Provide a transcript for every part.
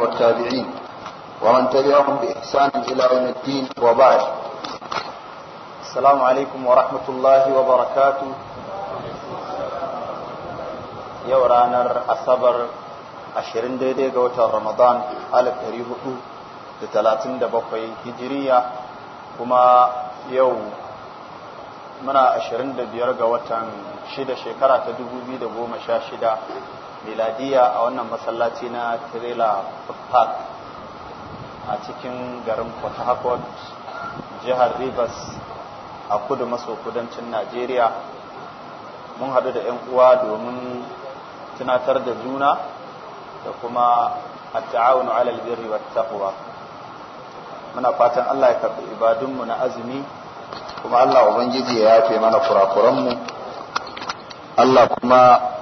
والتابعين ومن تبعهم بإحسان إلى يوم الدين وبعد السلام عليكم ورحمة الله وبركاته عشرين yau ranar asabar 22 ga watan ramadan 1437 hijiriya kuma yau muna 25 ga watan 6 shekara ta 2016 miladiya a wannan masallaci na Trela park a cikin garin port harcourt jihar rivers a kudu maso kudancin najeriya mun haɗu da 'yan uwa domin tunatar da juna da kuma a ta'awunu alal birri wa taqwa muna fatan Allah ya karɓi ibadunmu na azumi kuma Allah ubangiji ya yafe mana kurakuranmu Allah kuma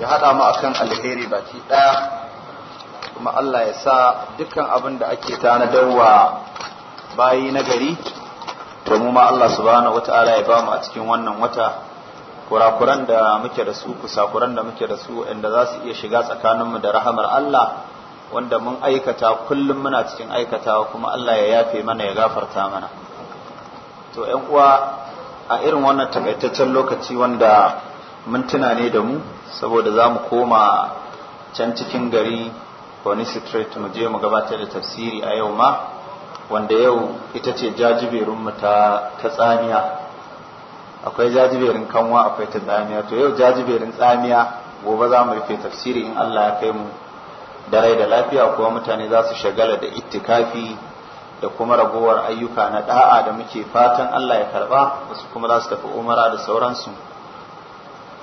ya haɗa mu akan alheri baki ɗaya kuma Allah ya sa dukkan abin da ake tanadarwa bayi na gari to mu ma Allah subhanahu wata'ala ya ba mu a cikin wannan wata kurakuran da muke da su kusakuran da muke da su inda za su iya shiga tsakanin mu da rahamar Allah wanda mun aikata kullum muna cikin aikatawa kuma Allah ya yafe mana ya gafarta mana to ƴan uwa a irin wannan takaitaccen lokaci wanda mun tuna ne da mu saboda za mu koma can cikin gari wani street mu je mu gabatar da tafsiri a yau ma wanda yau ita ce jajiberunmu ta tsamiya akwai jajiberin kanwa akwai ta tsamiya to yau jajiberin tsamiya gobe za mu rufe tafsiri in Allah ya kai mu da rai da lafiya kuma mutane za su shagala da ittikafi da kuma ragowar ayyuka na da'a da muke fatan Allah ya karba wasu kuma za su tafi umara da sauransu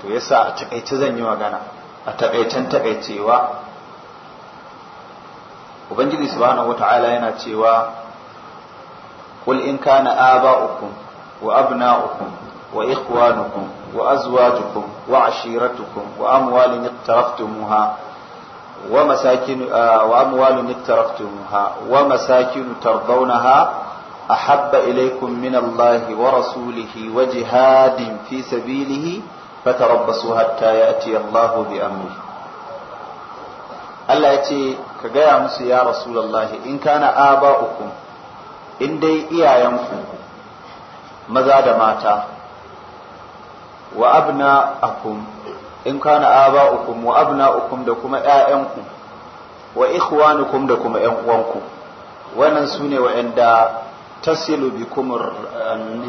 to yasa a takaice zan yi magana a takaicen takaicewa ubangiji subhanahu wata'ala yana cewa qul in kana aba'ukum wa abna'ukum wa ikhwanukum wa azwajukum wa ashiratukum wa amwalin iqtaraftumuha wa masakin wa amwalin iqtaraftumuha wa masakin tardawnaha أحب إليكم من الله ورسوله وجهاد في سبيله fatarabbasu hatta ya'ti Allahu bi amri Allah ya ce ka gaya musu ya rasulullahi in kana aba'ukum in dai iyayenku maza da mata wa abna'akum in kana aba'ukum wa abna'ukum da kuma ƴaƴanku wa ikhwanukum da kuma ƴan uwanku wannan sune wa'anda tasilu bikum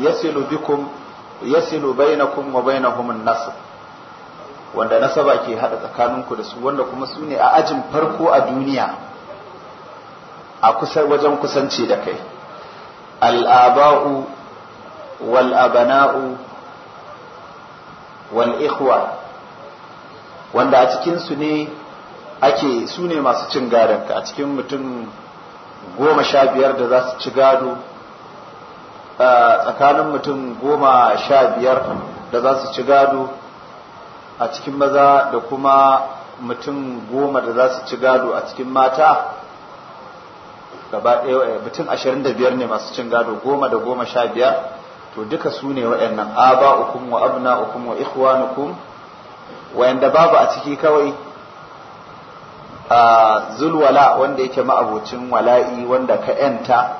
yasilu bikum yasilu bainakum wa bainahum an-nasb wanda nasaba ke hada tsakaninku da su wanda kuma su ne a ajin farko a duniya a kusa wajen kusanci da kai al'aba'u wal abana'u wanda a cikin ne ake su ne masu cin gadonka a cikin mutum goma sha biyar da za su ci gado tsakanin mutum goma sha biyar da za su ci gado a cikin maza da kuma mutum goma da za su ci gado a cikin mata gaba ɗaya eh, mutum ashirin da biyar ne masu cin gado goma da goma sha biyar to duka su ne waɗannan aba ukun wa abna ukun wa ikhwanukum wayanda babu a ciki kawai a zulwala wanda yake ma'abocin wala'i wanda ka yanta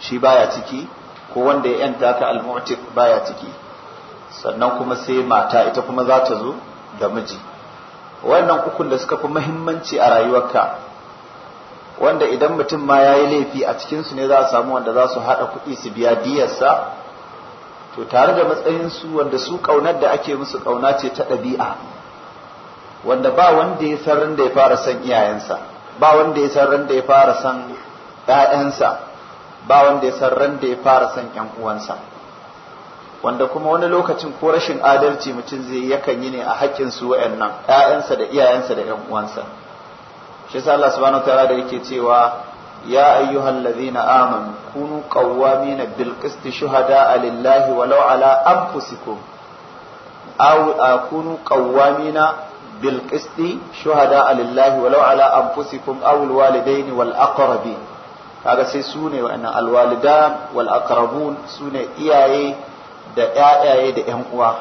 shi baya ciki ko wanda ya yanta ka almu'tik baya ciki sannan kuma sai mata ita kuma za ta zo da miji wannan ukun da suka fi muhimmanci a rayuwarka wanda idan mutum ma ya yi laifi a cikinsu ne za a samu wanda za su haɗa kuɗi su biya diyarsa to tare da matsayinsu wanda su ƙaunar da ake musu ƙauna ce ta ɗabi'a wanda ba wanda ya san da ya fara san iyayensa ba wanda ya san da ya fara san ‘ya'yansa ba wanda ya san ran da ya fara son ƴan uwansa wanda kuma wani lokacin ko rashin adalci mutum zai yi yakan yi ne a haƙƙin su wayannan ƴaƴansa da iyayensa da ƴan uwansa shi yasa Allah subhanahu wataala da yake cewa ya ayyuhal ladzina amanu kunu qawwamina bil qisti shuhada lillahi walau ala anfusikum aw kunu qawwamina bil qisti shuhada lillahi walau ala anfusikum aw al walidaini wal aqrabin kaga sai su ne wa'annan alwalida wal aqrabun su ne iyaye da ƴaƴaye da ƴan uwa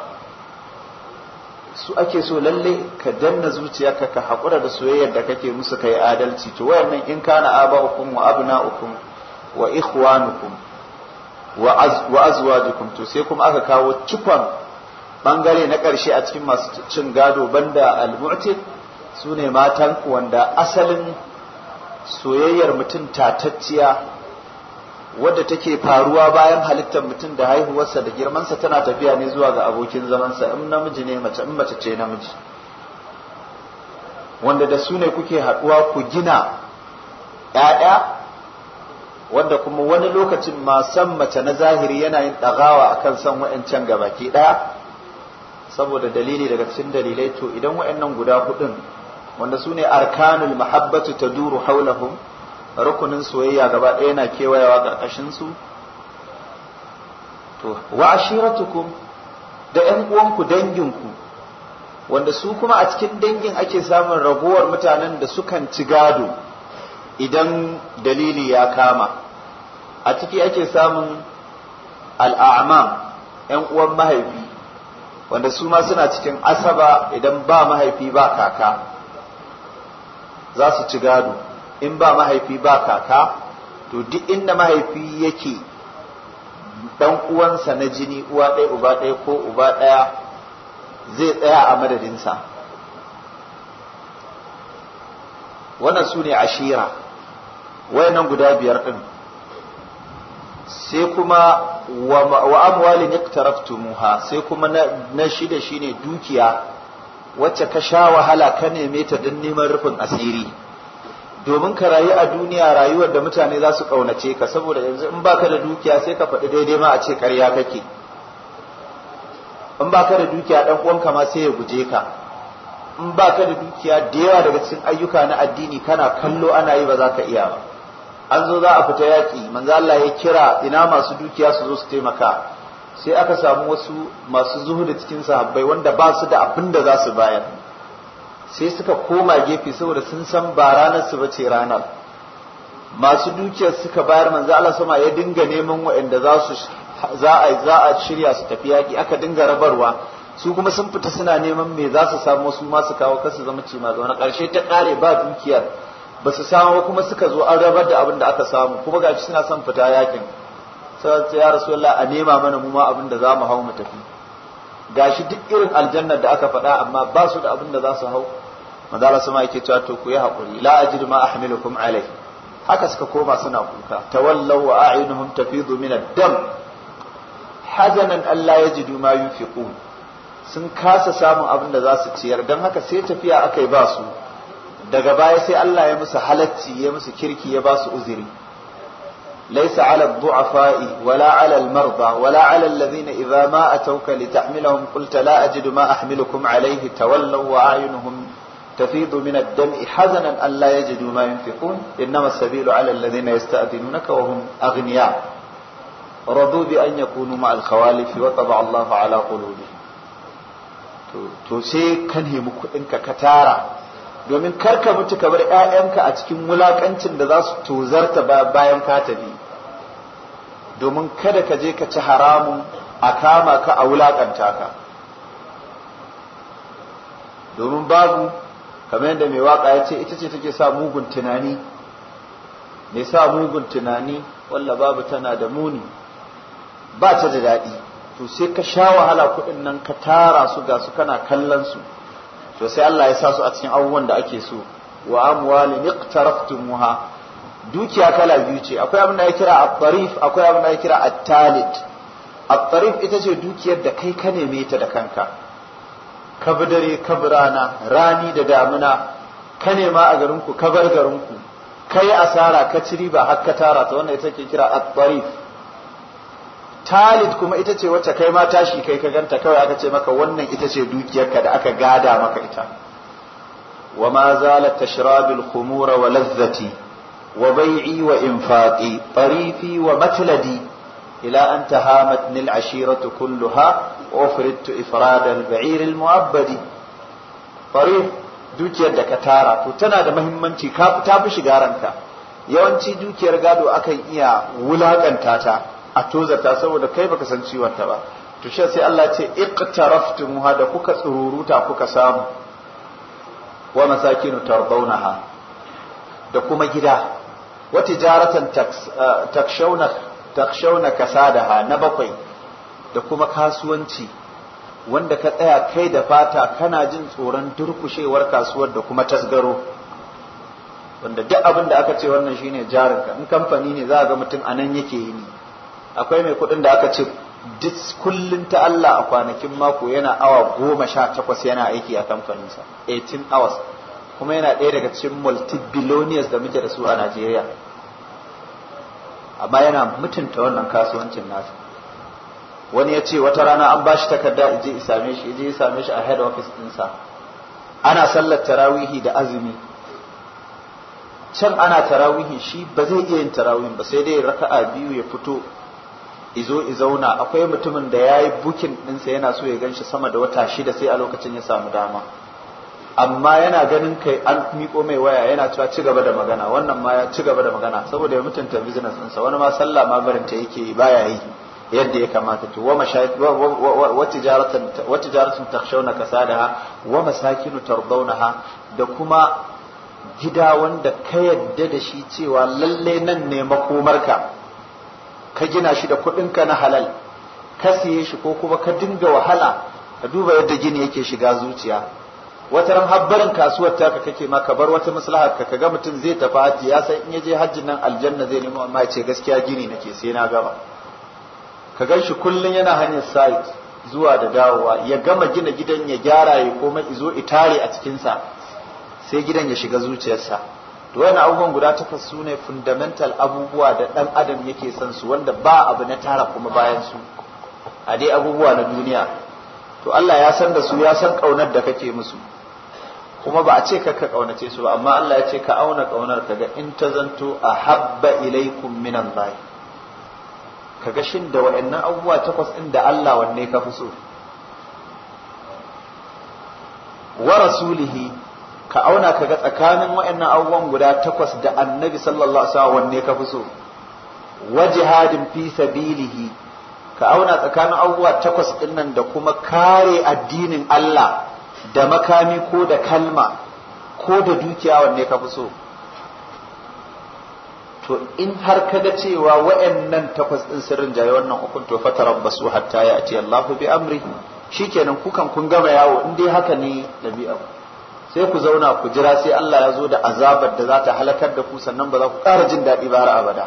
su ake so lalle ka danna zuciyarka ka haƙura da soyayyar da kake musu kai adalci to wayannan in kana aba'ukum wa abna'ukum wa ikhwanukum wa azwajukum to sai kuma aka kawo cikon bangare na ƙarshe a cikin masu cin gado banda al-mu'tid su matan wanda asalin soyayyar mutum tatacciya wadda take faruwa bayan halittar mutum da haihuwarsa da girmansa tana tafiya ne zuwa ga abokin zamansa in namiji ne mace in mace ce namiji wanda da su ne kuke haɗuwa ku gina ‘ya'ya wanda kuma wani lokacin ma san mace na zahiri yana yin ɗagawa akan san wayancan gabaki ɗaya saboda dalili daga cikin dalilai to idan waɗannan guda hudun wanda su ne arkanul mahabbatu ta duru haulahum rukunin soyayya gaba ɗaya na kewayawa ƙarƙashinsu to wa ashiratukum da ‘yan uwanku danginku wanda su kuma a cikin dangin ake samun raguwar mutanen da sukan ci gado idan dalili ya kama a ciki ake samun al'amam ‘yan uwan mahaifi wanda su ma suna cikin asaba idan ba mahaifi ba kaka za su ci gado in ba mahaifi ba kaka to duk inda mahaifi yake dan uwansa na jini uwa ɗaya uba ɗaya ko uba ɗaya zai tsaya a madadinsa wannan su ne ashira wayannan guda biyar ɗin sai kuma wa amwalin iqtaraftumuha sai kuma na shida shine dukiya wacce ka sha wahala ka neme ta don neman rufin asiri domin ka rayu a duniya rayuwar da mutane za su ƙaunace ka saboda yanzu in baka da dukiya sai ka faɗi daidai ma a ce ƙarya kake in baka da dukiya ɗan uwanka ma sai ya guje ka in baka da dukiya da yawa daga cikin ayyuka na addini kana kallo ana yi ba za ka iya ba an zo za a fita yaƙi manzo Allah ya kira ina masu dukiya su zo su taimaka sai aka samu wasu masu zuhudu cikin sahabbai wanda ba su da abin da za su bayar sai suka koma gefe saboda sun san ba ranar su bace ranar masu dukiyar suka bayar manzo Allah sama ya dinga neman waɗanda za su za a za a shirya su tafi yaki aka dinga rabarwa su kuma sun fita suna neman me za su samu su ma su kawo kasu zama ci ma zauna karshe ta kare ba dukiyar ba su samu kuma suka zo an rabar da abin da aka samu kuma gashi suna son fita yakin sai ya rasulullah a nema mana mu ma abin da za mu hau mu tafi gashi duk irin aljannar da aka faɗa amma ba su da abin da za su hau manzala sama yake cewa to ku yi haƙuri la ajid ma ahmilukum alai haka suka koma suna kuka tawallaw wa a'yunuhum tafidu min ad-dam hazanan alla yajidu ma yunfiqun sun kasa samun abin da za su ciyar dan haka sai tafiya akai ba su daga baya sai Allah ya musu halacci ya musu kirki ya ba su uzuri ليس على الضعفاء ولا على المرضى ولا على الذين إذا ما أتوك لتحملهم قلت لا أجد ما أحملكم عليه تولوا وأعينهم تفيض من الدمع حزنا ألا يجدوا ما ينفقون إنما السبيل على الذين يستأذنونك وهم أغنياء رضوا بأن يكونوا مع الخوالف وطبع الله على قلوبهم to sai kan nemi kuɗinka ka tara domin karka mutu ka bar ‘ya'yanka a cikin wulaƙancin da za su tozarta bayan katabi domin kada ka je ka ci haramun a kama ka a wulaƙanta ka domin babu kamar yadda mai waka ya ce ita ce take sa mugun tunani mai sa mugun tunani walla babu tana da muni ba ta da daɗi to sai ka sha wahala kuɗin nan ka tara su ga su kana kallon su to sai Allah ya sa su a cikin abubuwan da ake so wa amwalin iqtaraftumuha dukiya kala biyu ce akwai abin da ya kira at akwai abin da ya kira at-talit at ita ce dukiyar da kai ka neme ta da kanka ka bi dare ka rana rani da damina ka nema a garinku ku ka bar garin kai asara ka ciri ba har ka tara ta wannan ita ke kira at-tarif talit kuma ita ce wacce kai ma tashi kai ka ganta kawai aka ce maka wannan ita ce dukiyarka da aka gada maka ita wa ma zalat tashrabil khumura wa lazzati wa bai'i wa infaqi tarifi wa matladi ila an tahamatni al ashiratu kulluha ufridtu ifrad al ba'ir al mu'abbadi tarif dukiyar da ka tara to tana da muhimmanci ka ta fi shiga ranka yawanci dukiyar gado akan iya wulakanta ta a tozata saboda kai baka san ciwon ta ba to shi sai Allah ce iqtaraftumuha da kuka tsururuta kuka samu wa masakinu tardawnaha da kuma gida wa tijaratan takshawna takshawna kasadaha na bakwai da kuma kasuwanci wanda ka tsaya kai da fata kana jin tsoron durkushewar kasuwar da kuma tasgaro wanda duk abin da aka ce wannan shine jarinka in kamfani ne za a ga mutum anan yake yi ne akwai mai kuɗin da aka ce duk kullum ta Allah a kwanakin mako yana awa goma sha takwas yana aiki a kamfaninsa 18 hours kuma yana ɗaya daga cikin multibillionaires da muke da su a Najeriya amma yana mutunta wannan kasuwancin nasu wani ya ce wata rana an bashi takarda je ya same shi je ya same shi a head office ɗinsa ana sallar tarawihi da azumi can ana tarawihi shi ba zai iya yin tarawihin ba sai dai raka'a biyu ya fito izo izauna akwai mutumin da ya yi bukin ɗinsa yana so ya ganshi sama da wata shida sai a lokacin ya samu dama amma yana ganin kai an miko mai waya yana cewa ci gaba da magana wannan ma ya ci gaba da magana saboda ya mutunta business ɗinsa wani ma sallah ma barinta yake baya yi yadda ya kamata to wa tijaratan takshawna kasadaha wa masakinu tardawnaha da kuma gida wanda ka yadda da shi cewa lalle nan ne makomarka ka gina shi da kuɗinka na halal ka siye shi ko kuma ka dinga wahala ka duba yadda gini yake shiga zuciya wata ran habbarin kasuwar taka kake ma ka bar wata maslahar ka kaga mutum zai tafi Haji ya san in ya je Hajji nan aljanna zai nemo amma gaskiya gini nake sai na gama ka ganshi shi kullum yana hanyar site zuwa da dawowa ya gama gina gidan ya gyara ya koma izo itare a cikin sa sai gidan ya shiga zuciyarsa to wannan abubuwan guda takwas su ne fundamental abubuwa da ɗan adam yake son su wanda ba abu na tara kuma bayan su a dai abubuwa na duniya to Allah ya san da su ya san ƙaunar da kake musu kuma ba a ce ka ka ƙaunace su ba amma Allah ya ce ka auna kaunar ka ga in ta zanto a habba ilaikum min Allah ka ga shin da wa'annan abubuwa takwas ɗin da Allah wanne ka fi so wa rasulihi ka auna ka ga tsakanin wa'annan abubuwan guda takwas da annabi sallallahu alaihi wasallam wanne ka fi so wa jihadin fi sabilihi ka auna tsakanin abubuwa takwas dinnan da kuma kare addinin Allah da makami ko da kalma ko da dukiya wanne ka fi so to in har ka ga cewa wa'annan takwas din sirrin jaye wannan ukun to tarabbasu hatta ya Allahu bi amri shikenan kukan kun gama yawo in dai haka ne dabi'a sai ku zauna ku jira sai Allah ya zo da azabar da za ta halakar da ku sannan ba za ku ƙara jin daɗi ba har abada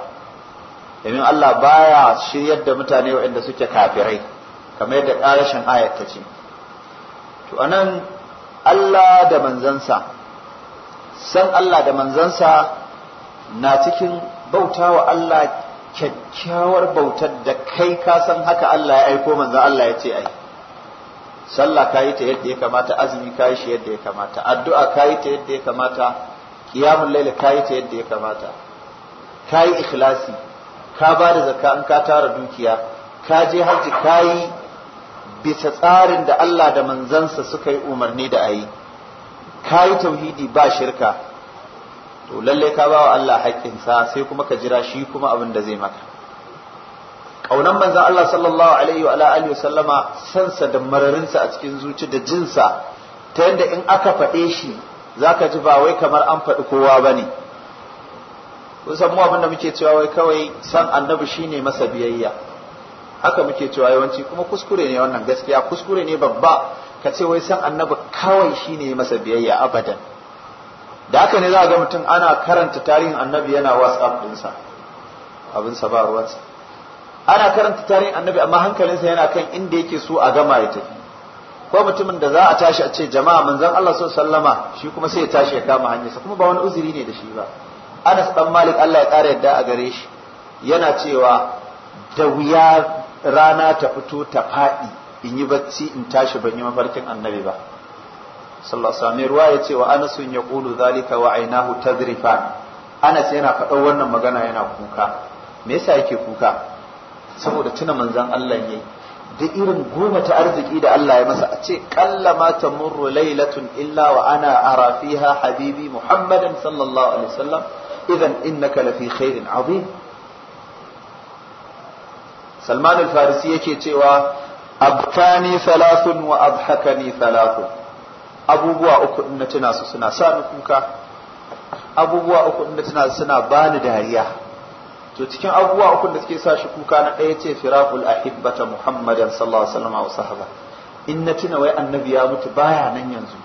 domin Allah baya shiryar da mutane waɗanda suke kafirai kamar yadda ƙarashin ayat ta ce to anan Allah da manzansa san Allah da manzansa na cikin bautawa Allah kyakkyawar bautar da kai ka san haka Allah ya aiko manzan Allah ya ce ai sallah kayi ta yadda ya kamata azumi kayi shi yadda ya kamata addu'a kayi ta yadda ya kamata qiyamul layl kayi ta yadda ya kamata kayi ikhlasi ka ba da zakka in ka tara dukiya ka je hajji kayi bisa tsarin da Allah da manzansa suka yi umarni da ayi kayi tauhidi ba shirka to lalle ka ba wa Allah haƙƙinsa sai kuma ka jira shi kuma abin da zai maka kaunan manzan Allah sallallahu alaihi wa alihi sallama sansa da mararinsa a cikin zuci da jinsa ta yadda in aka faɗe shi zaka ji ba wai kamar an faɗi kowa bane kun san mu abin da muke cewa wai kawai san annabi shine masa biyayya haka muke cewa yawanci kuma kuskure ne wannan gaskiya kuskure ne babba ka ce wai san annabi kawai shine masa biyayya abadan da haka ne za ga mutum ana karanta tarihin annabi yana whatsapp ɗinsa abin sa ba ruwansa ana karanta tarihin annabi amma hankalinsa yana kan inda yake so a gama ya tafi ko mutumin da za a tashi a ce jama'a manzon Allah sallallahu sallama shi kuma sai ya tashi ya kama hanyarsa kuma ba wani uzuri ne da shi ba Anas dan Malik Allah ya ƙara yadda a gare shi yana cewa da wuya rana ta fito ta faɗi in yi bacci in tashi ban yi mafarkin annabi ba sallallahu alaihi wasallam ruwa ya ce wa Anas ya qulu zalika wa ainahu tazrifan Anas yana faɗa wannan magana yana kuka me yasa yake kuka saboda tuna manzan Allah ne da irin goma ta arziki da Allah ya masa a ce kalla ma murru lailatun illa wa ana ara fiha habibi muhammadin sallallahu alaihi wasallam idan innaka lafi khairin azim salman al-farisi yake cewa abtani thalathun wa adhakani thalathun abubuwa uku in na tuna su suna sa ni kuka abubuwa uku in na tuna su suna bani dariya to cikin abubuwa uku da suke sa shi kuka na ɗaya ce firaqul ahibbata muhammadan sallallahu alaihi wasallam wa sahaba in na tuna wai annabi ya mutu baya nan yanzu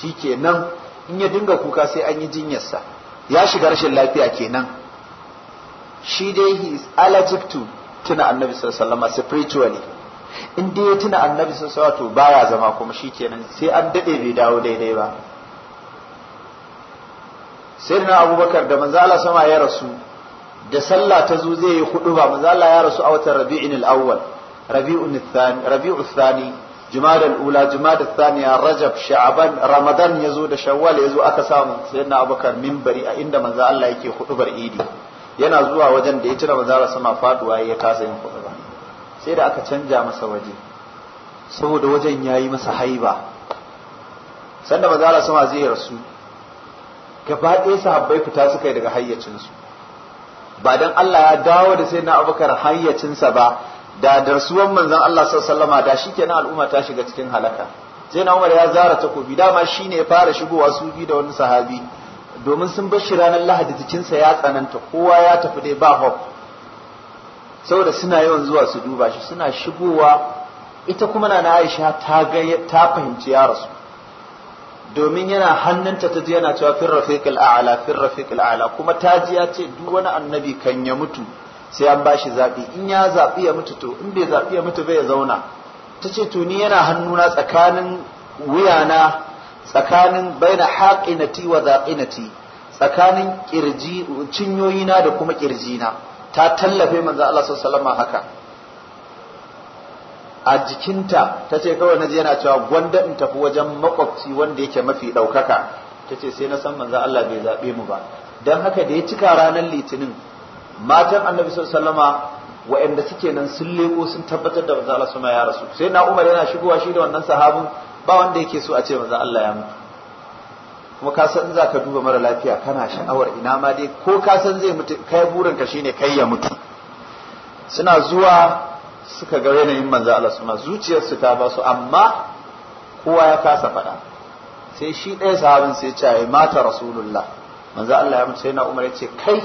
shikenan in ya dinga kuka sai an yi jinyarsa ya shiga rashin lafiya kenan shi dai he is allergic to tuna annabi sallallahu alaihi wasallam spiritually in dai ya tuna annabi sallallahu alaihi wasallam baya zama kuma shikenan sai an dade bai dawo daidai ba sayyidina abubakar da manzo Allah sama ya rasu da sallah ta zo zai yi hudu ba manzo Allah ya rasu a watan Rabi'in al-Awwal Rabi'un al-Thani Rabi'u thani Jumada al-Ula Jumada al-Thaniya Rajab Sha'ban Ramadan yazo da Shawwal yazo aka samu sayyidina Abubakar minbari a inda manzo Allah yake hudubar Idi yana zuwa wajen da ya cire manzo Allah sama faduwa ya kasa yin hudu ba sai da aka canja masa waje saboda wajen yayi masa haiba sanda manzo Allah sama zai rasu gaba ɗaya sahabbai fita suka yi daga hayyacinsu ba dan Allah ya dawo da sai sayyidina Abubakar hayyacinsa ba da darsuwan manzon Allah sallallahu alaihi da shikenan al'umma ta shiga cikin halaka sai na Umar ya zara takobi dama shine ya fara shigowa su sufi da wani sahabi domin sun bar shi ranar Lahadi jikinsa ya tsananta kowa ya tafi dai ba hope saboda suna yawan zuwa su duba shi suna shigowa ita kuma na Aisha ta ta fahimci ya rasu domin yana hannunta ta ji yana cewa fir rafiqil a'la fir rafiqil a'la kuma ta ji ya ce duk wani annabi kan ya mutu sai an bashi zabi in ya zabi ya mutu to in bai zabi ya mutu bai ya zauna ta ce to ni yana hannuna tsakanin wuyana tsakanin baina haqinati wa zaqinati tsakanin kirji cinyoyina da kuma kirjina ta tallafe manzo Allah sallallahu alaihi wasallam haka a jikinta ta ce kawai na ji yana cewa gwanda in tafi wajen makwabci wanda yake mafi ɗaukaka ta ce sai na san manzan Allah bai zaɓe mu ba don haka da ya cika ranar litinin matan annabi sallama wa'anda suke nan sun leko sun tabbatar da manzan Allah su ya rasu sai na Umar yana shigowa shi da wannan sahabin ba wanda yake so a ce manzan Allah ya mutu kuma ka san za ka duba mara lafiya kana sha'awar ina ma dai ko ka san zai mutu kai burin ka shine kai ya mutu suna zuwa suka ga yanayin manzo Allah suna zuciyarsu ta ba su amma kowa ya kasa faɗa sai shi ɗaya sahabin sai ce ai mata rasulullah manzo Allah ya mutu na Umar ya ce kai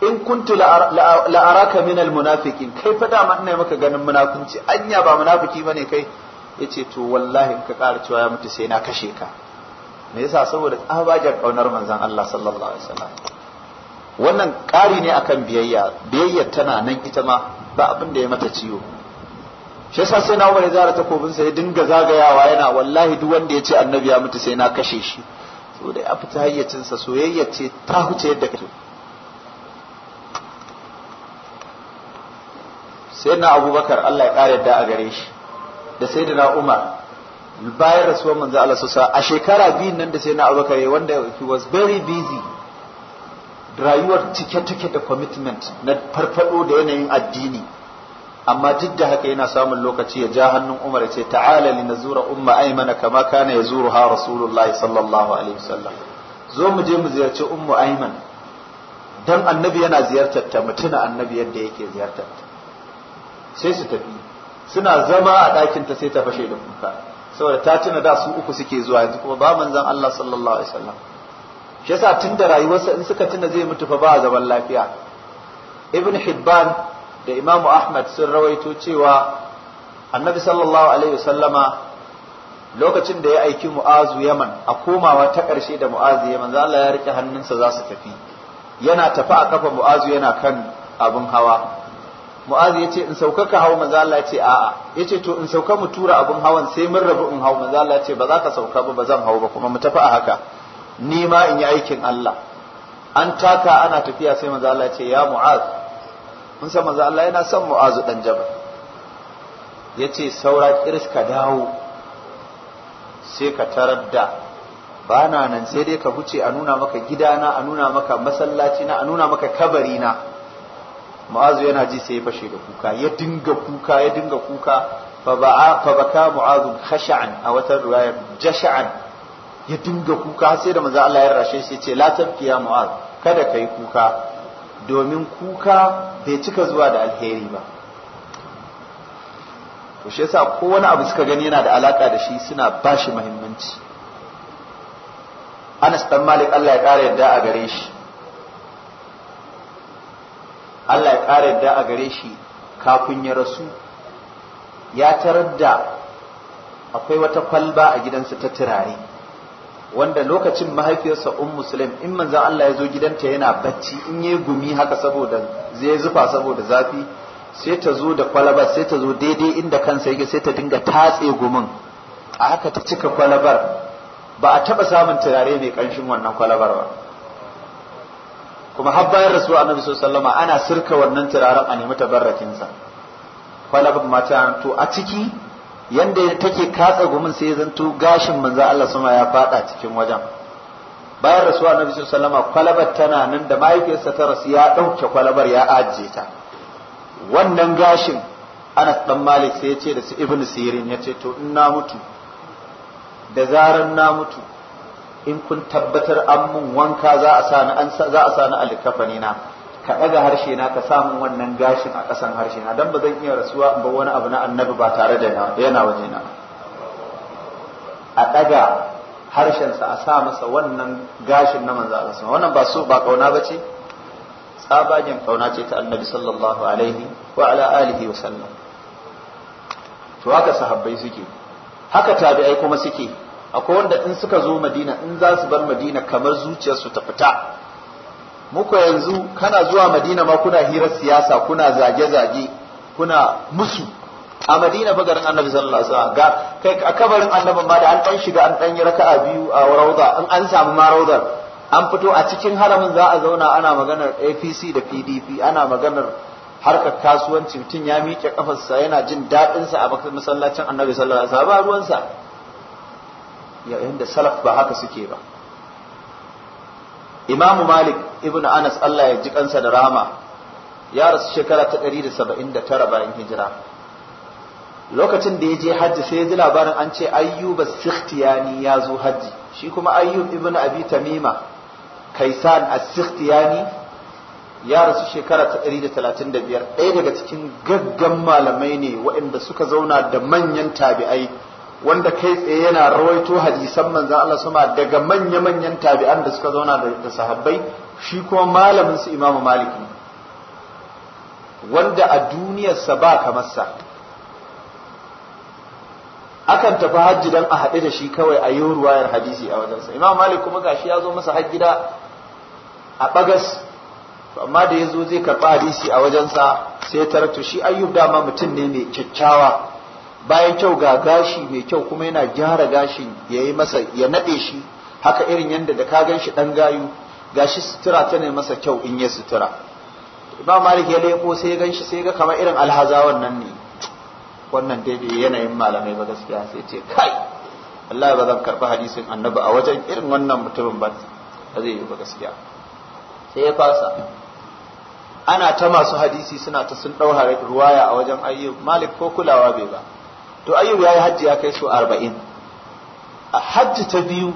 in kuntu la'araka min kai fa ma ina maka ganin munafunci anya ba munafiki ne kai yace to wallahi in ka ƙara cewa ya mutu sai na kashe ka me yasa saboda tsabajar kaunar manzon Allah sallallahu alaihi wasallam wannan ƙari ne akan biyayya biyayyar tana nan ita ma ba abin da ya mata ciwo shi yasa sai na umar ya zara takobin sa ya dinga zagayawa yana wallahi duk wanda ya ce annabi ya mutu sai na kashe shi so ya fita hayyacin sa soyayya ce ta huce yadda kake sai na abubakar Allah ya kare da a gare shi da sai da na umar bayan rasuwar manzo Allah sosa a shekara biyun nan da sai na abubakar wanda he was very busy rayuwar cike-cike da commitment na farfado da yanayin addini amma duk da haka yana samun lokaci ya ja hannun Umar ce ta'ala li nazura umma aymana kama kana yazuru ha rasulullah sallallahu alaihi wasallam zo mu je mu ziyarci ummu ayman dan annabi yana ziyartar ta mutuna annabi yadda yake ziyartar ta sai su tafi suna zama a ɗakin ta sai ta fashe da kuka saboda ta tuna da su uku suke zuwa yanzu kuma ba manzon Allah sallallahu alaihi wasallam shi yasa tun da rayuwarsa in suka tuna zai mutu fa ba a zaman lafiya ibn hibban da imamu ahmad sun rawaito cewa annabi sallallahu alaihi wasallama lokacin da ya aiki mu'azu yaman a komawa ta ƙarshe da mu'azu yaman za Allah ya rike hannunsa za su tafi yana tafi a kafa mu'azu yana kan abin hawa mu'azu ya ce in sauka ka hau manzo Allah ya ce a'a ya ce to in sauka mu tura abin hawan sai mun rabu in hau manzo Allah ya ce ba za ka sauka ba ba zan hau ba kuma mu tafi a haka ni ma in yi aikin Allah an taka ana tafiya sai manzo Allah ya ce ya mu'az mun san manzo Allah yana son mu'azu dan jabal yace saura kiris ka dawo sai ka tarar da bana nan sai dai ka huce a nuna maka gidana a nuna maka masallaci na a nuna maka kabari na mu'azu yana ji sai ya fashe da kuka ya dinga kuka ya dinga kuka fa ba'a fa baka mu'azu khash'an a wata riwaya jash'an ya dinga kuka sai da manzo Allah ya rashe shi ce la tabkiya mu'az kada kai kuka domin kuka bai cika zuwa da alheri ba to shi yasa ko wani abu suka gani yana da alaka da shi suna bashi muhimmanci Anas dan Malik Allah ya kare yadda a gare shi Allah ya kare yadda a gare shi kafin ya rasu ya tarar da akwai wata kwalba a gidansa ta turare wanda lokacin mahaifiyarsa um Muslim in manzo Allah ya zo gidanta yana bacci in yi gumi haka saboda zai zufa saboda zafi sai ta zo da kwalabar sai ta zo daidai inda kansa yake sai ta dinga tatse gumin a haka ta cika kwalabar ba a taba samun turare mai kanshin wannan kwalabar ba kuma har bayan rasu annabi sallallahu ana sirka wannan turaren a nemi tabarrakinsa kwalabar mata to a ciki yanda take katsa gumin sai ya zanto gashin manzo Allah sama ya fada cikin wajen bayan rasuwa na sallallahu kwalabar tana nan da mahaifiyarsa ta rasu ya ɗauke kwalabar ya ajiye ta wannan gashin ana dan Malik sai ya ce da su ibnu Sirin ya ce to in na mutu da zaran na mutu in kun tabbatar an mun wanka za a sa ni an za a sa alkafani na ka ɗaga harshe na ka samun wannan gashin a ƙasan harshe na dan ba zan iya rasuwa ba wani abu na annabi ba tare da yana waje na a ɗaga harshensa a sa masa wannan gashin na manzo Allah wannan ba so ba kauna bace tsabagen kauna ce ta annabi sallallahu alaihi wa ala alihi wa sallam to haka sahabbai suke haka tabi'ai kuma suke akwai wanda in suka zo madina in za su bar madina kamar zuciyarsu ta fita muku yanzu kana zuwa madina ma kuna hirar siyasa kuna zage-zage kuna musu a madina ba garin annabi sallallahu alaihi wasallam ga kai a kabarin annabin ma da an dan shiga an dan yi raka'a biyu a rauda in an samu ma raudar an fito a cikin haramin za a zauna ana maganar APC da PDP ana maganar harkar kasuwanci mutum ya miƙe kafarsa yana jin daɗin sa a masallacin annabi sallallahu alaihi wasallam ba sa ya da salaf ba haka suke ba Imam Malik ibn anas Allah ya ji kansa da rama ya rasu shekara ta 179 bayan hijira lokacin da ya je hajji sai ya ji labarin an ce ayyuba sikhtiyani ya zo hajji shi kuma ayyub ibn abi tamima kaisan as-sikhtiyani ya rasu shekara ta 135 ɗaya daga cikin gaggan malamai ne waɗanda suka zauna da manyan tabi'ai wanda kai tsaye yana rawaito hadisan manzan Allah sama daga manya-manyan tabi'an da suka zauna da sahabbai shi kuma malamin su imamu maliki wanda a duniyarsa ba kamarsa. akan tafi hajji don a haɗu da shi kawai a yi ruwayar hadisi a wajensa imam malik kuma gashi ya zo masa har gida a bagas amma da ya zo zai karɓi hadisi a wajensa sai tarakta shi ayyub dama mutum ne mai kyakkyawa bayan kyau ga gashi mai kyau kuma yana gyara gashin ya masa ya naɗe shi haka irin yadda da ka gan shi ɗan gayu gashi sutura ta ne masa kyau in ya sutura ba malik ya leko sai ya ganshi sai ga kamar irin alhazawan nan ne wannan dai bai yanayin malamai ba gaskiya sai ce kai Allah ba zan karɓi hadisin annabi a wajen irin wannan mutumin ba zai yi ba gaskiya sai ya fasa ana ta masu hadisi suna ta sun ɗau ruwaya a wajen ayyub malik ko kulawa bai ba to ayyub ya yi hajji ya kai su arba'in a hajji ta biyu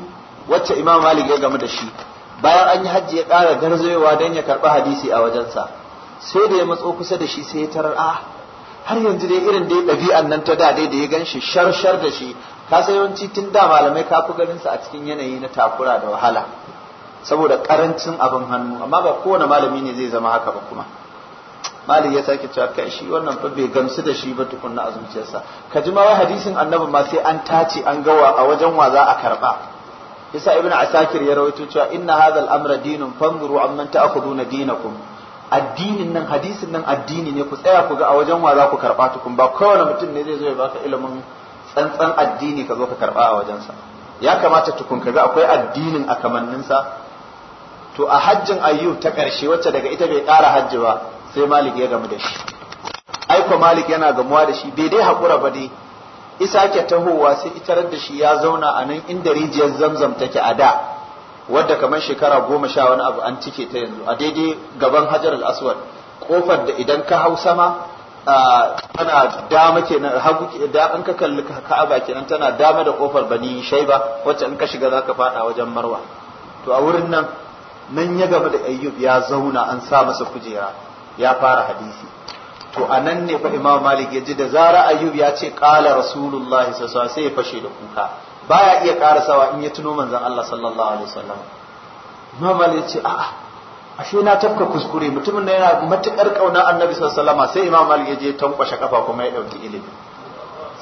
wacce imam malik ya gamu da shi bayan an yi hajji ya ƙara garzayowa don ya karɓi hadisi a wajensa sai da ya matso kusa da shi sai ya tarar a ah, har yanzu dai irin dai ɗabi'an nan ta da da ya ganshi shi shar da shi ka san yawanci tun da malamai ka fi ganin sa a cikin yanayi na takura da wahala saboda karancin abin hannu amma ba kowane malami ne zai zama haka ba kuma malik ya sake cewa kai shi wannan fa bai gamsu da shi ba tukunna a zuciyarsa ka ji ma wai hadisin annabi ma sai an tace an gawa a wajen wa za a karɓa. yasa ibn asakir ya rawaito cewa inna hadha al-amra dinun fanzuru amman ta'khuduna dinakum addinin nan hadisin nan addini ne ku tsaya ku ga a wajen wa za ku karba tukun ba kowane mutum ne zai zo ya baka ilimin tsantsan addini ka zo ka karba a wajensa ya kamata tukun ka ga akwai addinin a kamanninsa to a hajjin ayyub ta karshe wacce daga ita bai ƙara hajji ba sai malik ya gamu da shi aiko malik yana gamuwa da shi bai dai hakura ba dai isa ke tahowa sai itar da shi ya zauna a nan inda rijiyar zamzam take a da wadda kamar shekara goma sha wani abu an cike ta yanzu a daidai gaban hajar al-aswad kofar da idan ka hau sama tana dama kenan hagu da an ka kalli ka'aba kenan tana dama da kofar bani shaiba wacce in ka shiga zaka fada wajen marwa to a wurin nan nan ya gaba da ayyub ya zauna an sa masa kujera ya fara hadisi to anan ne fa imam malik ya ji da zara ayyub ya ce qala rasulullahi sallallahu sai ya fashe da kuka baya iya karasawa in ya tuno manzon Allah sallallahu alaihi wasallam imam malik ce a'a ashe na tafka kuskure mutumin da yana matukar kauna annabi sallallahu alaihi wasallam sai imam malik ya je tankwashe kafa kuma ya dauki ilimi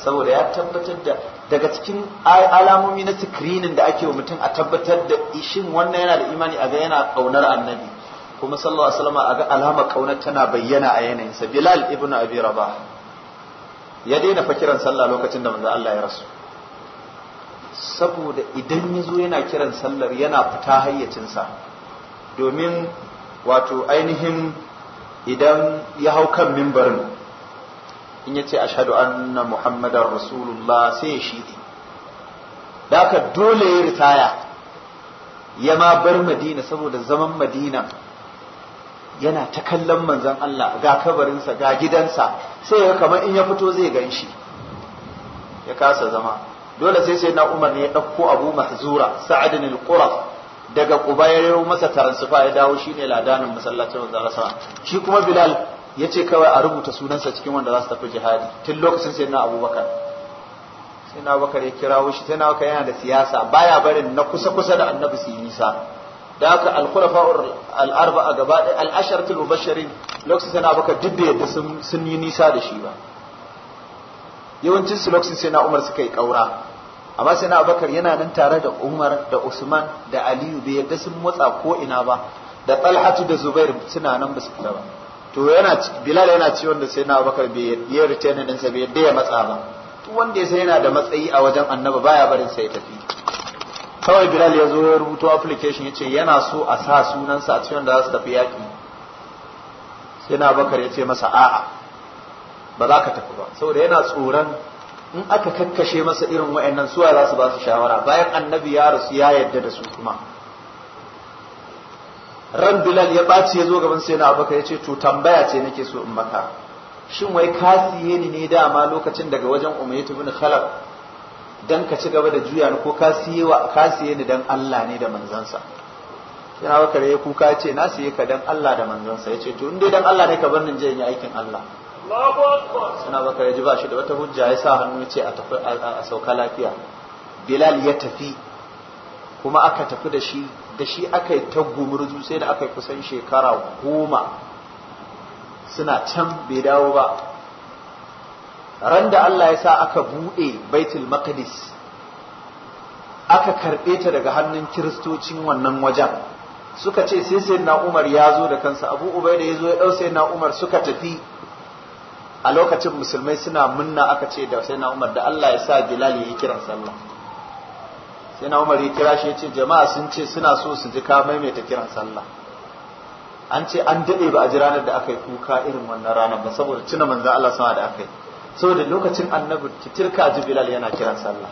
saboda ya tabbatar da daga cikin alamomi na sikirinin da ake wa mutum a tabbatar da shin wannan yana da imani a ga yana kaunar annabi kuma sallallahu alaihi wasallam aga alamar kaunar tana bayyana a yanayinsa Bilal ibn Abi Rabah ya daina fakiran kiran sallah lokacin da manzo Allah ya rasu saboda idan ya yana kiran sallar yana fita hayyacinsa domin wato ainihin idan ya hau kan mimbarin in ya ce ashadu anna muhammadar rasulullah sai ya shiɗi da dole ya ritaya ya ma bar madina saboda zaman madina yana ta kallon manzon Allah ga kabarinsa ga gidansa sai ya kamar in ya fito zai gan shi ya kasa zama dole sai sai na Umar ne ya ɗauko Abu Mahzura Sa'ad al daga Quba ya masa taransifa ya dawo shine ladanin masallacin manzon Allah shi kuma Bilal ya ce kawai a rubuta sunansa cikin wanda za su tafi jihadi tun lokacin sai na Abubakar sai na Abubakar ya kirawo shi sai na Abubakar yana da siyasa baya barin na kusa kusa da Annabi su yi nisa da haka al-khulafa al-arba'a gaba ɗaya al-asharatul mubashirin lokacin sai na baka duk da yadda sun yi nisa da shi ba yawancin su lokacin sai na umar suka yi kaura amma sai na abakar yana nan tare da umar da usman da aliyu bai yadda sun motsa ko ina ba da talhatu da zubair suna nan ba su fita ba to yana bilal yana ci wanda sai na abakar bai ya retainer ɗinsa bai yadda ya matsa ba wanda ya sai yana da matsayi a wajen annaba baya barin sai tafi kawai bilal ya zo ya rubuto application ya ce yana so a sa sunansa a cikin da za su tafi yaƙi sai na bakar ya ce masa a'a ba za ka tafi ba saboda yana tsoron in aka kakkashe masa irin wa'annan suwa za su ba su shawara bayan annabi ya rasu ya yadda da su kuma ran bilal ya ɓaci ya zo gaban sai na abubakar ya ce to tambaya ce nake so in maka shin wai kasiye siye ni ne dama lokacin daga wajen umayyatu bin khalaf dan ka ci gaba da juya ni ko ka siye wa ka siye ni dan Allah ne da manzansa yana baka ya kuka ce na siye ka dan Allah da manzansa yace to in dai dan Allah ne ka bar ni je in yi aikin Allah suna baka ya ji ba shi da wata hujja ya sa hannu ce a tafi a sauka lafiya Bilal ya tafi kuma aka tafi da shi da shi aka yi ta gumurzu sai da aka kusan shekara goma suna can bai dawo ba ran da Allah ya sa aka buɗe baitul maqdis aka karɓe ta daga hannun kiristocin wannan wajen suka ce sai sai na umar ya zo da kansa abu ubaida ya zo ya ɗau sai na umar suka tafi a lokacin musulmai suna munna aka ce da sai na umar da Allah ya sa bilal ya yi kiran sallah sai na umar ya kira shi ya ce jama'a sun ce suna so su ji ka maimaita kiran sallah an ce an daɗe ba a ji ranar da aka yi kuka irin wannan ranar ba saboda tuna manzan Allah sama da aka yi saboda lokacin annabi titirka jibilal yana kiran sallah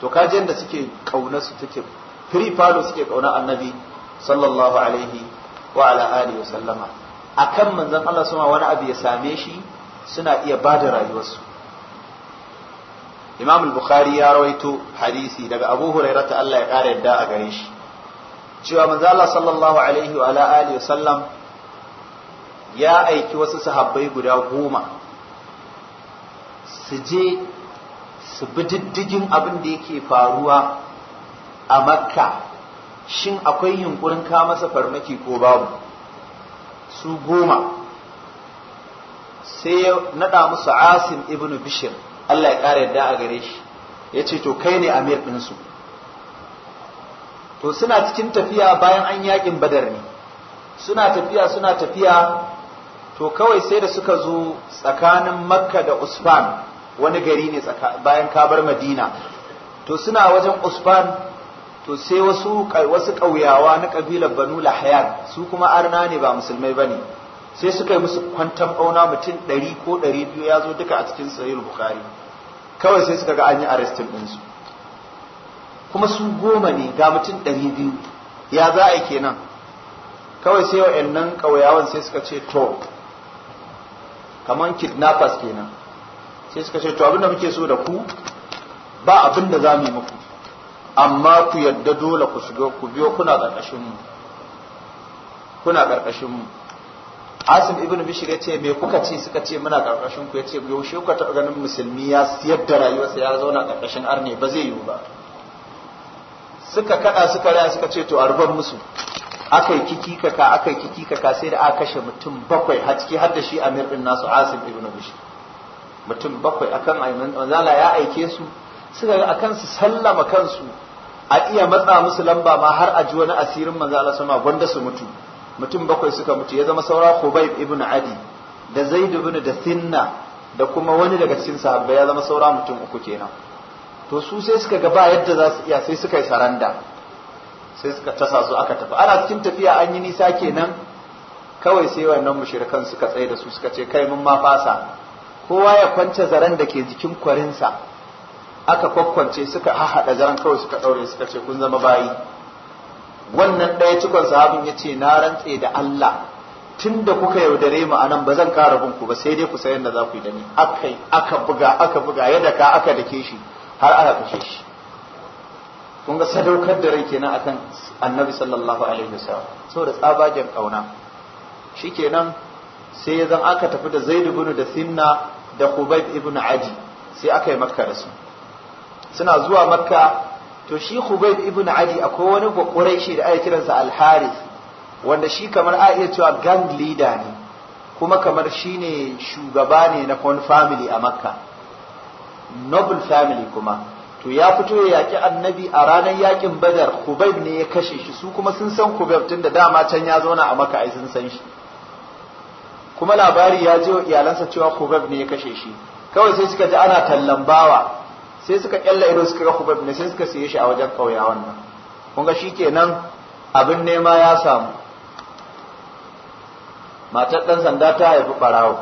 to kaji da suke kauna su take firi falo suke kauna annabi sallallahu alaihi wa ala alihi wa sallama akan manzon Allah suma wani abu ya same shi suna iya bada rayuwarsu Imam al-Bukhari ya rawaito hadisi daga Abu Hurairah ta Allah ya kara yadda a gare shi cewa manzon Allah sallallahu alaihi wa ala alihi wa sallam ya aiki wasu sahabbai guda goma su je su bi diddigin abin da yake faruwa a makka shin akwai yunkurin ka masa farmaki ko babu su goma sai ya naɗa musu asim ibn bishir allah ya ƙara yadda a gare shi ya ce to kai ne amir ɗinsu to suna cikin tafiya bayan an yakin badar ne suna tafiya suna tafiya to kawai sai da suka zo tsakanin makka da Usman. wani gari ne bayan kabar madina to suna wajen usfan to sai wasu wasu ƙauyawa na ƙabilar banu lahayan su kuma arna ne ba musulmai bane sai suka yi musu kwantar bauna mutum ɗari ko ɗari biyu ya zo duka a cikin sahih bukhari kawai sai suka ga an yi arrestin ɗinsu kuma su goma ne ga mutum ɗari biyu ya za a yi kenan kawai sai wa'annan ƙauyawan sai suka ce to kamar kidnappers kenan sai suka ce to abin da muke so da ku ba abin da za mu yi muku amma ku yadda dole ku shiga ku biyo kuna ƙarƙashin mu kuna ƙarƙashin mu Asim ibn bishr ya ce me kuka ce suka ce muna ƙarƙashin ku ya ce yaushe kuka taɓa ganin musulmi ya siyar da rayuwarsa ya zauna ƙarƙashin arne ba zai yiwu ba suka kaɗa suka raya suka ce to a musu aka yi kiki kaka aka yi kiki kaka sai da aka kashe mutum bakwai har ciki har da shi amir din nasu Asim ibn bishr mutum bakwai akan manzala ya aike su suka ga akan su sallama kansu a iya matsa musu lamba ma har a ji wani asirin manzala sama gwanda su mutu mutum bakwai suka mutu ya zama saura Khubayb ibn Adi da Zaid ibn da da kuma wani daga cikin sahabbai ya zama saura mutum uku kenan to su sai suka ga ba yadda za su iya sai suka yi saranda sai suka tasa su aka tafi ana cikin tafiya an yi nisa kenan kawai sai wannan mushrikan suka tsaye da su suka ce kai mun ma fasa kowa ya kwance zaren da ke jikin kwarinsa aka kwakwance suka haɗa zaren kawai suka ɗaure suka ce kun zama bayi wannan ɗaya cikon sahabin ya ce na rantse da Allah tun da kuka yaudare mu anan ba zan kara ku ba sai dai ku sayan da za ku yi da ni aka buga aka buga ya daka aka dake shi har aka kashe shi kun ga sadaukar da rai kenan akan annabi sallallahu alaihi wasallam saboda tsabagen kauna shikenan sai ya zan aka tafi da zaidu bin da sinna da Khubayb ibn Adi sai aka yi makka da su suna zuwa makka to shi Khubayb ibn Adi akwai wani bakurai shi da ake kiransa al wanda shi kamar a iya cewa gang leader ne kuma kamar shine shugaba ne na Kwan family a makka noble family kuma to ya fito ya yaki annabi a ranar yakin badar khubayb ne ya kashe shi su kuma sun san khubayb tun da dama can ya zauna a makka ai sun san shi kuma labari ya je wa iyalansa cewa Khubab ne ya kashe shi kawai sai suka ji ana tallan bawa sai suka kyalla ido suka ga Khubab ne sai suka siye shi a wajen kauya wannan kun ga shikenan abin nema ya samu matar dan sanda ta haifi barawo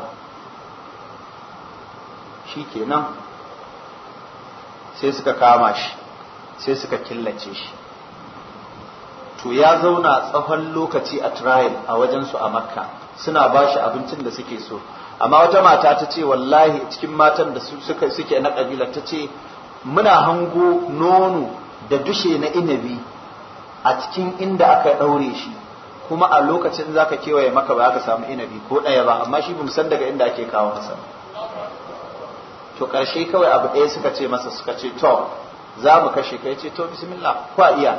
shikenan sai suka kama shi sai suka killace shi to ya zauna tsawon lokaci a trial a wajensu a makka suna ba shi abincin da suke so amma wata mata ta ce wallahi cikin matan da suka suke na kabila ta ce muna hango nono da dushe na inabi a cikin inda aka ɗaure shi kuma a lokacin zaka kewaye maka ba ka samu inabi ko ɗaya ba amma shi bamu san daga inda ake kawo masa to ƙarshe kawai abu ɗaya suka ce masa suka ce to za mu kashe kai ce to bismillah ko iya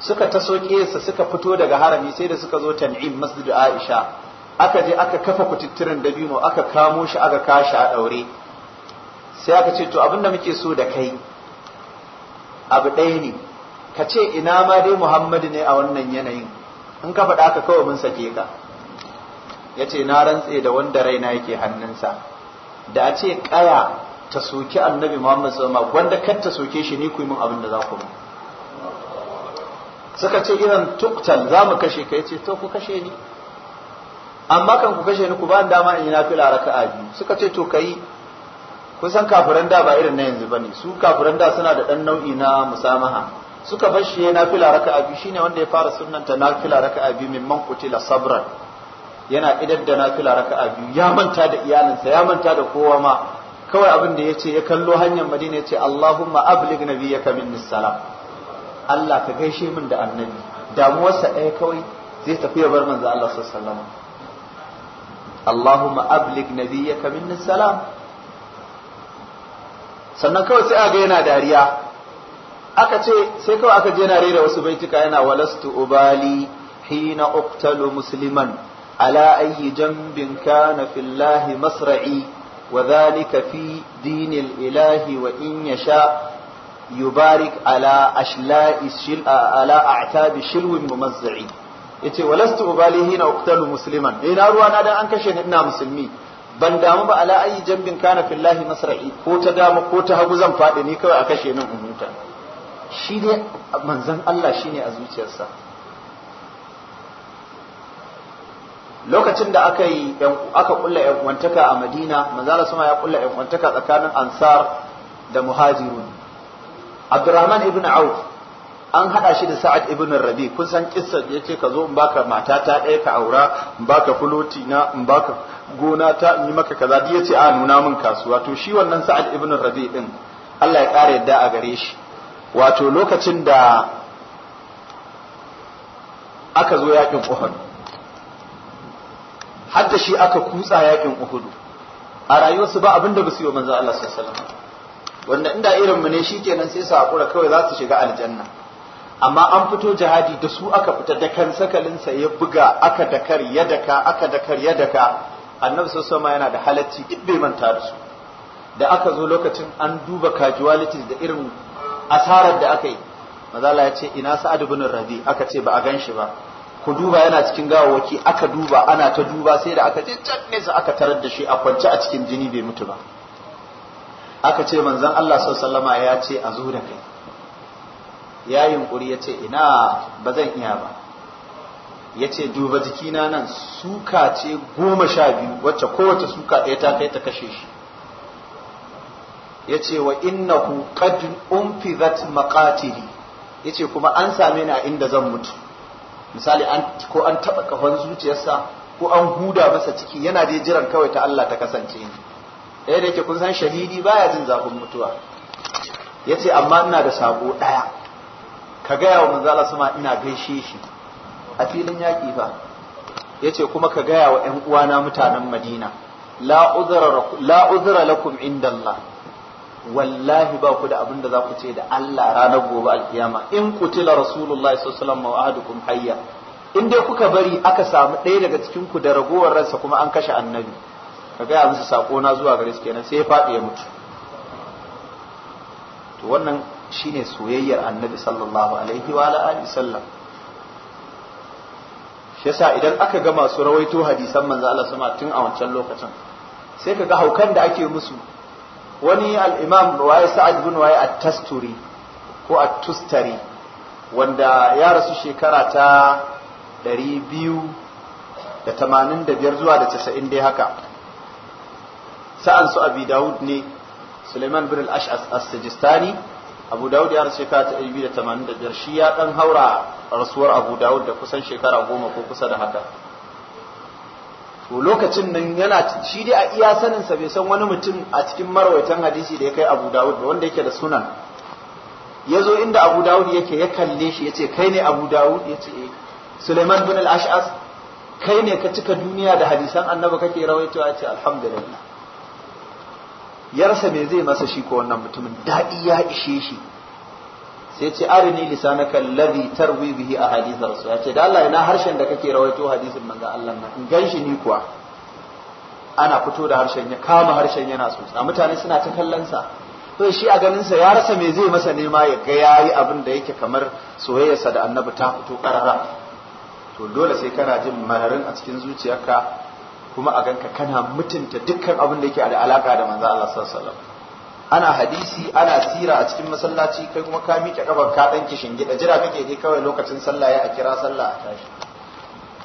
suka ta soke sa suka fito daga harami sai da suka zo tan'im masjidu aisha aka je aka kafa kututturen dabino aka kamo shi aka kashi a ɗaure sai aka ce to abinda muke so da kai abu ɗaya ne ka ce ina ma dai muhammadu ne a wannan yanayin in ka faɗa aka kawai mun sake ka ya ce na rantse da wanda raina yake hannunsa da a ce ƙaya ta soki annabi Muhammadu sallama gwanda kan ta soke shi ne ku yi min abin da za ku suka ce irin tuktal za mu kashe ka ya ce to ku kashe ni amma kan ku kashe ni ku ba dama in yi nafila raka'a biyu suka ce to kai kun san kafiran da ba irin na yanzu ne. su kafiran da suna da ɗan nau'i na musamaha suka bar shi nafila raka'a biyu shine wanda ya fara sunnanta nafila raka'a biyu min man sabran yana idar da nafila raka'a biyu ya manta da iyalinsa ya manta da kowa ma kawai abin da ce ya kallo hanyar Madina yace Allahumma ablig nabiyyaka minni salam Allah ka gaishe min da annabi damuwarsa ɗaya kawai zai tafi ya bar manzo Allah sallallahu alaihi wasallam Allahumma ablig nabiyyaka minni salam sannan kawai sai aga yana dariya aka ce sai kawai aka je yana rera wasu baituka yana walastu ubali hina uqtalu musliman ala ayyi jambin kana fillahi masra'i wa dhalika fi dinil ilahi wa in yasha yubarik ala ashla'i ala a'tabi shilwin mumazzai yace walastu ubali hina uqtalu musliman eh na ruwa na dan an kashe ni ina musulmi ban damu ba ala ayi jambin kana fillahi masra'i ko ta dama ko ta hagu zan fadi ni kawai a kashe ni in shi ne manzon Allah shine a zuciyarsa lokacin da aka yi aka kulla yan wantaka a Madina manzala sama ya kulla yan wantaka tsakanin Ansar da Muhajirun Abdurrahman ibn Auf an hada shi da sa'ad ibn rabi kun san kissa da yace ka zo in baka mata ta ɗaya ka aura in baka fuloti na in baka gona ta in yi maka kaza da yace a nuna min kasuwa to shi wannan sa'ad ibn rabi din Allah ya ƙara yadda a gare shi wato lokacin da aka zo yakin Uhud har da shi aka kutsa yakin Uhud a rayuwarsu ba abinda ba su yi wa manzo Allah sallallahu alaihi wasallam wanda inda irin mu ne shikenan sai su hakura kawai za su shiga aljanna amma an fito jihadi da su aka fita da kan sakalinsa ya buga aka dakar ya daka aka dakar ya daka annabi sallallahu yana da halacci duk bai manta da su da aka zo lokacin an duba casualties da irin asarar da aka yi mazala ya ce ina sa'ad ibn rabi aka ce ba a ganshi ba ku duba yana cikin gawawaki aka duba ana ta duba sai da aka ce can nesa aka tarar da shi a kwance a cikin jini bai mutu ba aka ce manzon Allah sallallahu ya ce a zo da kai ya yunkuri ya ce ina ba zan iya ba ya ce duba jikina nan suka ce goma sha biyu wacce kowace suka ɗaya ta kai ta kashe shi ya ce wa innahu qad unfizat makatiri ya ce kuma an same ni a inda zan mutu misali ko an taɓa kafan zuciyarsa ko an huda masa ciki yana dai jiran kawai ta Allah ta kasance ni ɗaya da yake kun san shahidi baya jin zafin mutuwa ya ce amma ina da sako ɗaya ka gaya wa manzo Allah sama ina gaishe shi a filin yaki ba yace kuma ka gaya wa ƴan uwana mutanen Madina la uzra la uzra lakum inda Allah wallahi ba ku da abin da za ku ce da Allah ranar gobe alkiyama in kutila rasulullahi sallallahu alaihi wasallam hayya in dai kuka bari aka samu ɗaya daga cikin ku da ragowar ransa kuma an kashe annabi ka gaya musu sako na zuwa gare su kenan sai ya faɗi ya mutu to wannan shine soyayyar annabi sallallahu alaihi wa alihi sallam shi yasa idan aka ga masu rawaito hadisan manzo Allah sama tun a wancan lokacin sai ka ga haukan da ake musu wani al'imam imam waye sa'ad bin waye at-tasturi ko a tustari wanda ya rasu shekara ta 285 zuwa da 90 dai haka Sa'ansu su abi daud ne Suleiman bin al-Ash'as as abu dawud ya rasu shekara ta ɗari da tamanin da biyar shi ya ɗan haura rasuwar abu dawud da kusan shekara goma ko kusa da haka to lokacin nan yana shi dai a iya sa bai san wani mutum a cikin marawaitan hadisi da ya kai abu dawud ba wanda yake da sunan ya zo inda abu dawud yake ya kalle shi ya ce kai ne abu dawud ya ce eh. suleiman bin al-ash'as kai ne ka cika duniya da hadisan annabi kake rawaito ya ce alhamdulillah ya rasa me zai masa shi ko wannan mutumin daɗi ya ishe shi sai ce arini lisanaka alladhi tarwi bihi ahadith rasul ya ce da Allah ina harshen da kake rawaito hadisin manzo Allah na in ganshi ni kuwa ana fito da harshen ya kama harshen yana tsotsa mutane suna ta kallon sa to shi a ganin sa ya rasa me zai masa nema ya ga yayi abin da yake kamar soyayyarsa da annabi ta fito karara to dole sai kana jin mararin a cikin zuciyarka kuma a ganka kana mutunta dukkan abin da yake da alaka da manzo Allah sallallahu alaihi wasallam ana hadisi ana sira a cikin masallaci kai kuma ka miƙe kafan ka dan kishin gida jira kake kai kawai lokacin sallah ya a kira sallah a tashi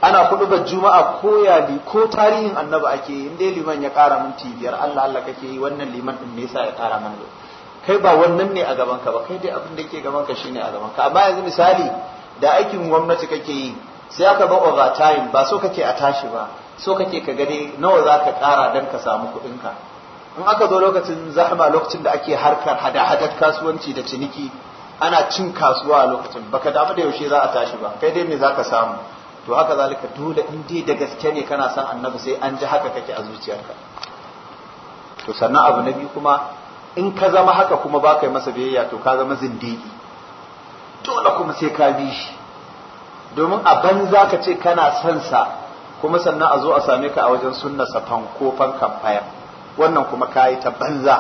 ana kuɗuɓa juma'a ko ya bi ko tarihin annabi ake yi inda liman ya ƙara minti biyar Allah Allah kake yi wannan liman din me yasa ya ƙara mana kai ba wannan ne a gaban ka ba kai dai abin da yake gaban ka shine a gaban ka amma yanzu misali da aikin gwamnati kake yi sai aka ba over time ba so kake a tashi ba so kake ka gani nawa za ka kara don ka samu kuɗinka in aka zo lokacin zahama lokacin da ake harkar hada-hadar kasuwanci da ciniki ana cin kasuwa a lokacin baka damu da yaushe za a tashi ba kai dai me za ka samu to haka zalika dole in dai da gaske ne kana son annabi sai an ji haka kake a zuciyarka to sannan abu na biyu kuma in ka zama haka kuma ba ka masa biyayya to ka zama zindigi dole kuma sai ka bi shi domin a banza ka ce kana son sa kuma sannan a zo a same ka a wajen sunna safan ko fankan faya wannan kuma kayi ta banza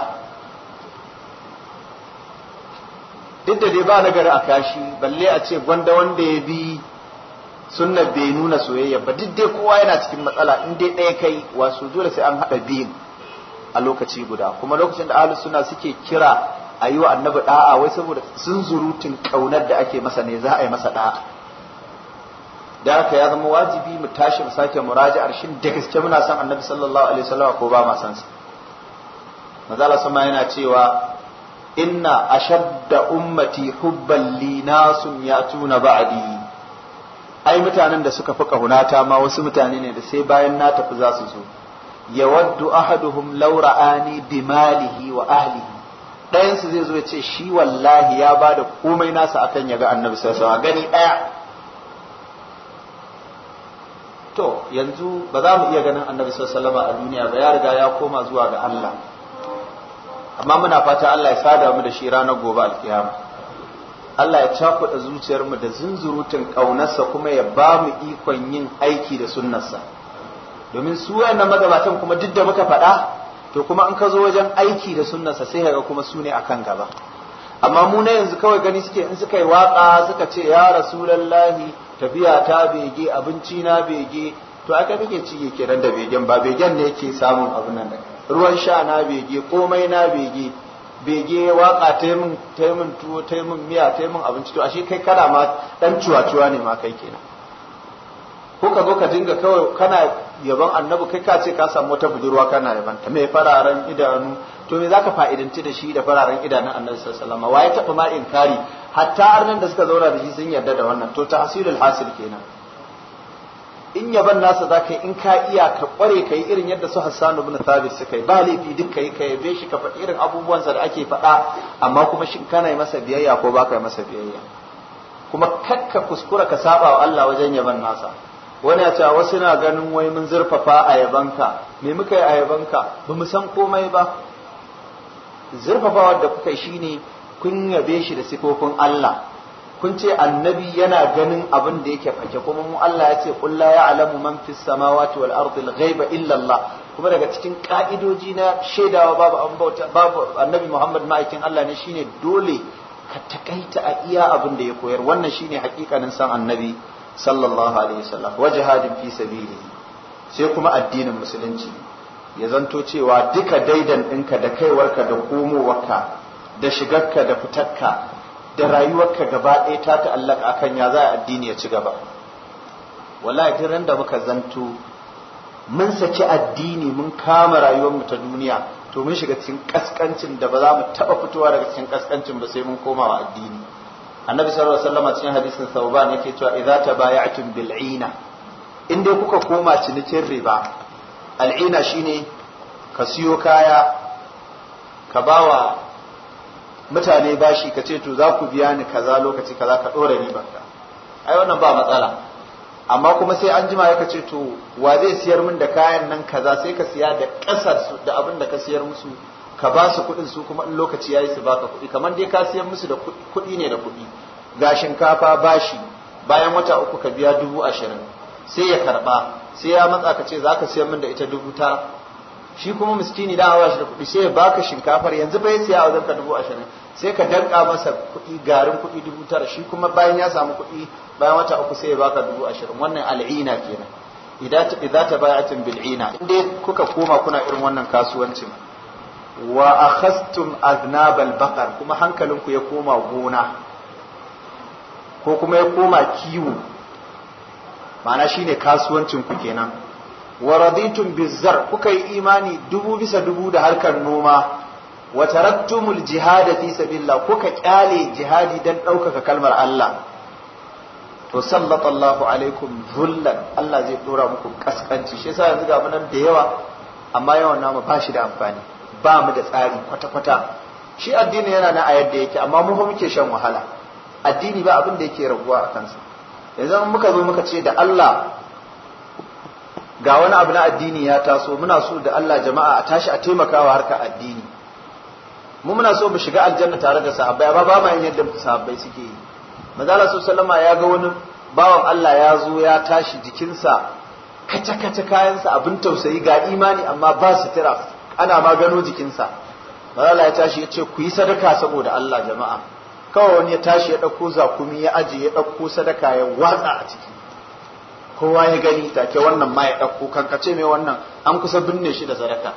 duk da dai ba na gari a kashi balle a ce gwanda wanda ya bi sunna bai nuna soyayya ba duk dai kowa yana cikin matsala in dai ɗaya kai wasu dole sai an haɗa biyun a lokaci guda kuma lokacin da ahlus suna suke kira a yi wa annabi da'a wai saboda sun zurutun ƙaunar da ake masa ne za a yi masa da'a da haka ya zama wajibi mu tashi mu sake muraji'ar shin da gaske muna son annabi sallallahu alaihi wasallam ko ba ma san sa manzala sama yana cewa inna ashadda ummati hubban li nasun yatuna ba'di ai mutanen da suka fi ƙahunata ma wasu mutane ne da sai bayan na tafi za su zo yawaddu ahaduhum law ra'ani bi malihi wa ahlihi Ɗayansu zai zo ya ce shi wallahi ya bada komai nasa akan ya ga annabi sallallahu alaihi wasallam gani ɗaya to yanzu ba za mu iya ganin annabi sallallahu alaihi a duniya ba ya riga ya koma zuwa ga Allah amma muna fata Allah ya sada mu da shi ranar gobe alkiyama Allah ya cakuɗa mu da zunzurutun ƙaunarsa kuma ya ba mu ikon yin aiki da sunnarsa domin su wayannan magabatan kuma duk da muka faɗa to kuma in ka zo wajen aiki da sunnarsa sai ka ga kuma su ne akan gaba amma mu na yanzu kawai gani suke in suka yi waka suka ce ya rasulallahi tafiya ta bege abinci na bege to aka kake ci kenan da begen ba begen ne yake samun abin nan ruwan sha na bege komai na bege bege waka ta yi tuwo ta miya ta abinci to ashe kai kada ma dan cuwa-cuwa ne ma kai kenan ko ka zo ka dinga kawai kana yaban annabi kai ka ce ka samu wata budurwa kana yaban ta mai fararen idanu to me zaka fa'idanci da shi da fararen idanun annabi sallallahu alaihi wasallam waye tafi ma inkari hatta arnan da suka zauna da shi sun yarda da wannan to tahsilul hasil kenan in yaban nasa zaka in ka iya ka kware ka irin yadda su Hassan ibn Thabit suka yi ba laifi duk kai ka yabe shi ka faɗi irin abubuwansa da ake faɗa amma kuma shin kana yi masa biyayya ko baka yi masa biyayya kuma kakka kuskura ka saba wa Allah wajen yaban nasa wani ta wasu na ganin wai mun zurfafa a yabanka me muka yi a yabanka ba mu san komai ba zurfafawar da kuka yi shine kun yabe shi da sifofin Allah kun ce annabi yana ganin abin da yake fake kuma mu Allah ya ce qul la ya'lamu man fis samawati wal ardi al ghaiba illa Allah kuma daga cikin ka'idoji na shaidawa babu an babu annabi Muhammad ma'aikin Allah ne shine dole ka takaita a iya abin da ya koyar wannan shine hakikanin san annabi sallallahu alaihi wasallam wa jihadin fi sabilihi sai kuma addinin musulunci ya zanto cewa duka daidan ɗinka da kaiwarka da komowarka da shigarka da fitarka da rayuwarka gaba ɗaya ta ta'allaka akan ya za a addini ya ci gaba wallahi duk da muka zanto mun saki addini mun kama rayuwarmu ta duniya to mun shiga cikin kaskancin da ba za mu taɓa fitowa daga cikin kaskancin ba sai mun komawa addini annabi sallallahu alaihi wasallam cikin hadisin sauban yake cewa idza tabaya'tum bil'ina in dai kuka koma cinikin riba al'ina shine ka siyo kaya ka bawa mutane bashi ka ce to za ku biya ni kaza lokaci kaza ka dora ribar ka ai wannan ba matsala amma kuma sai an jima ya ce to wa zai siyar min da kayan nan kaza sai ka siya da kasar da abin da ka siyar musu ka ba su kuɗin su kuma in lokaci ya yi su baka kuɗi kamar dai ka siyan musu da kuɗi ne da kuɗi ga shinkafa bashi bayan wata uku ka biya dubu ashirin sai ya karɓa sai ya matsa ka ce za ka siyan min da ita dubu ta, shi kuma miskini da awa shi da kuɗi sai ya baka shinkafar yanzu bai siya a wajen ka dubu ashirin sai ka danka masa kuɗi garin kuɗi dubu tara shi kuma bayan ya samu kuɗi bayan wata uku sai ya baka dubu ashirin wannan al'ina kenan idan ta baya cin bil'ina in dai kuka koma kuna irin wannan kasuwancin wa akhastum aznabal baqar kuma hankalinku ya koma gona ko kuma ya koma kiwo ma'ana shine kasuwancin ku kenan wa raditum bizar kuka yi imani dubu bisa dubu da harkar noma wa tarattumul jihad fi sabilillah kuka kyale jihadi dan ɗaukaka kalmar Allah to sallata Allahu alaikum zullan Allah zai dora muku kaskanci shi yasa yanzu ga nan da yawa amma yawan namu ba shi da amfani ba mu da tsari kwata-kwata shi addini yana na ayar ya yake amma mu fa muke shan wahala addini ba abin da yake raguwa a kansa yanzu muka zo muka ce da Allah ga wani abu na addini ya taso muna so da Allah jama'a a tashi a taimakawa harka addini mu muna so mu shiga aljanna tare da sahabbai amma ba ma yin yadda sahabbai suke yi manzo Allah sallama ya ga wani bawan Allah ya zo ya tashi jikinsa kace kace kayansa abin tausayi ga imani amma ba sutura ana ma gano jikinsa malala ya tashi ya ce ku yi sadaka saboda Allah jama'a kawai wani ya tashi ya ɗauko zakumi ya aje ya ɗauko sadaka ya watsa a ciki kowa ya gani take wannan ma ya ɗauko kankace mai wannan an kusa binne shi da sadaka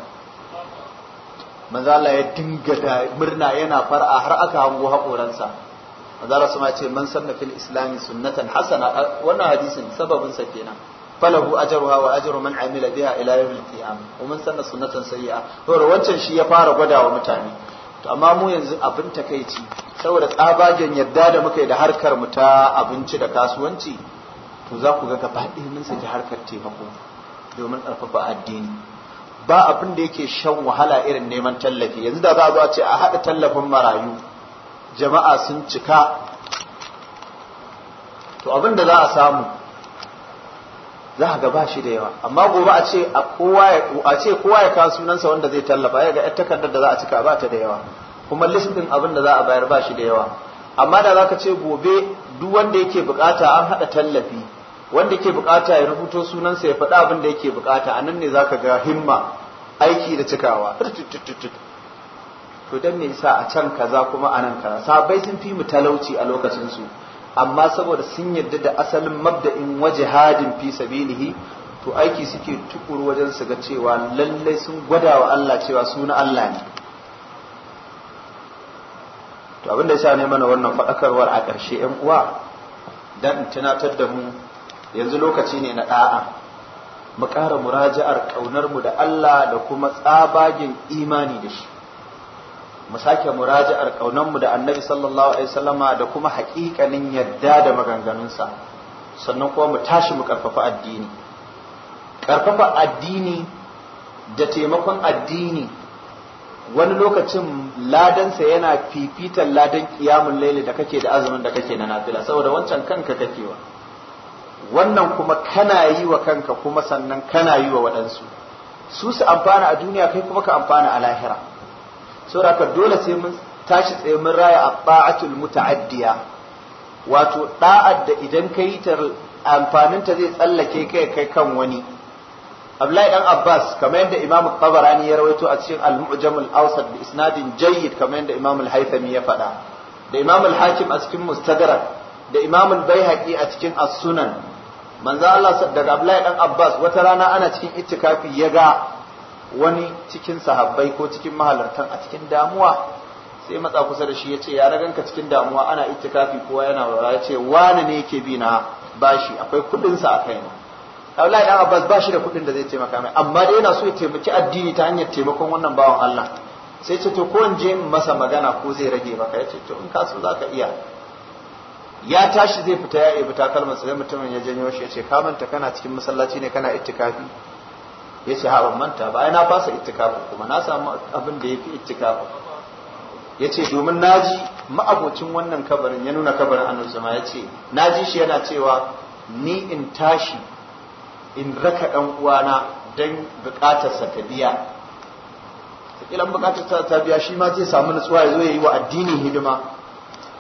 manzala ya dinga da murna yana far'a har aka hango haƙoransa manzala su ma ce man sanna fil islami sunnatan hasana wannan hadisin sababinsa kenan falahu ajruha wa ajru man amila biha ila yawmil qiyamah wa man sanna sunnatan sayyi'a to wancan shi ya fara gwadawa mutane to amma mu yanzu abin takeici saboda tsabagen yadda da muka yi da harkar mu ta abinci da kasuwanci to za ku ga gaba ɗaya mun saki harkar taimako domin ƙarfafa addini ba abin da yake shan wahala irin neman tallafi yanzu da za a zo a ce a haɗa tallafin marayu jama'a sun cika to abin da za a samu za ka ga ba shi da yawa amma gobe a ce a kowa ya a ce kowa ya kawo sunansa wanda zai tallafa ya ga yar takardar da za a cika ba ta da yawa kuma list din abin da za a bayar ba shi da yawa amma da zaka ce gobe duk wanda yake bukata an hada tallafi wanda yake bukata ya rubuto sunansa ya faɗi abin da yake bukata a nan ne zaka ga himma aiki da cikawa to dan me yasa a can kaza kuma a nan kaza sabai sun fi mu talauci a lokacin su amma saboda sun yarda da asalin mabda'in waje hadin fi sabilihi to aiki suke tukuru wajen su ga cewa lallai sun gwada wa Allah cewa suna Allah ne to abinda sa ne mana wannan faɗakarwar a ƙarshe ƴan uwa dan tunatar da mu yanzu lokaci ne na da'a mu ƙara muraja'ar ƙaunar mu da Allah da kuma tsabagen imani da shi mu sake muraji'ar kaunanmu da annabi sallallahu alaihi wasallama da kuma haƙiƙanin yadda da maganganunsa sannan kuma mu tashi mu karfafa addini Ƙarfafa addini da taimakon addini wani lokacin ladansa yana fifitan ladan ƙiyamun laili da kake da azumin da kake na nafila saboda wancan kanka kakewa wannan kuma kana yi wa kanka kuma sannan kana yi wa waɗansu su su amfana a duniya kai kuma ka amfana a lahira saboda dole sai mun tashi tsaye mun raya a ba'atul muta'addiya wato da'ad da idan ka yi ta amfanin ta zai tsallake kai kai kan wani Abdullahi dan Abbas kamar yadda Imam Tabarani ya rawaito a cikin Al-Mu'jam al-Awsat bi isnadin jayyid kamar yadda Imam al-Haythami ya faɗa da Imam al-Hakim a cikin Mustadrak da Imam al-Baihaqi a cikin As-Sunan manzo Allah daga Abdullahi dan Abbas wata rana ana cikin ittikafi ya ga wani cikin sahabbai ko cikin mahalartan a cikin damuwa sai matsa kusa da shi ya ce ya raganka cikin damuwa ana itikafi kowa yana wara ya ce wani ne yake bi na bashi akwai kudinsa a kai Abdullahi ya Abbas ba shi da kudin da zai taimaka mai amma dai yana so ya taimaki addini ta hanyar taimakon wannan bawan Allah sai ce to ko in je masa magana ko zai rage maka ya ce to in ka so zaka iya ya tashi zai fita ya fita kalmar sai mutumin ya janyo shi ya ce ka manta kana cikin masallaci ne kana itikafi ya ce ha ban manta ba ai na fasa ittikafin kuma na samu abin da ya fi ittikafin ya ce domin naji ma'abocin wannan kabarin ya nuna kabarin annabi zama ya ce na ji shi yana cewa ni in tashi in raka ɗan uwana don buƙatar sa ta biya ilan buƙatar ta biya shi ma zai samu nutsuwa ya zo ya yi wa addini hidima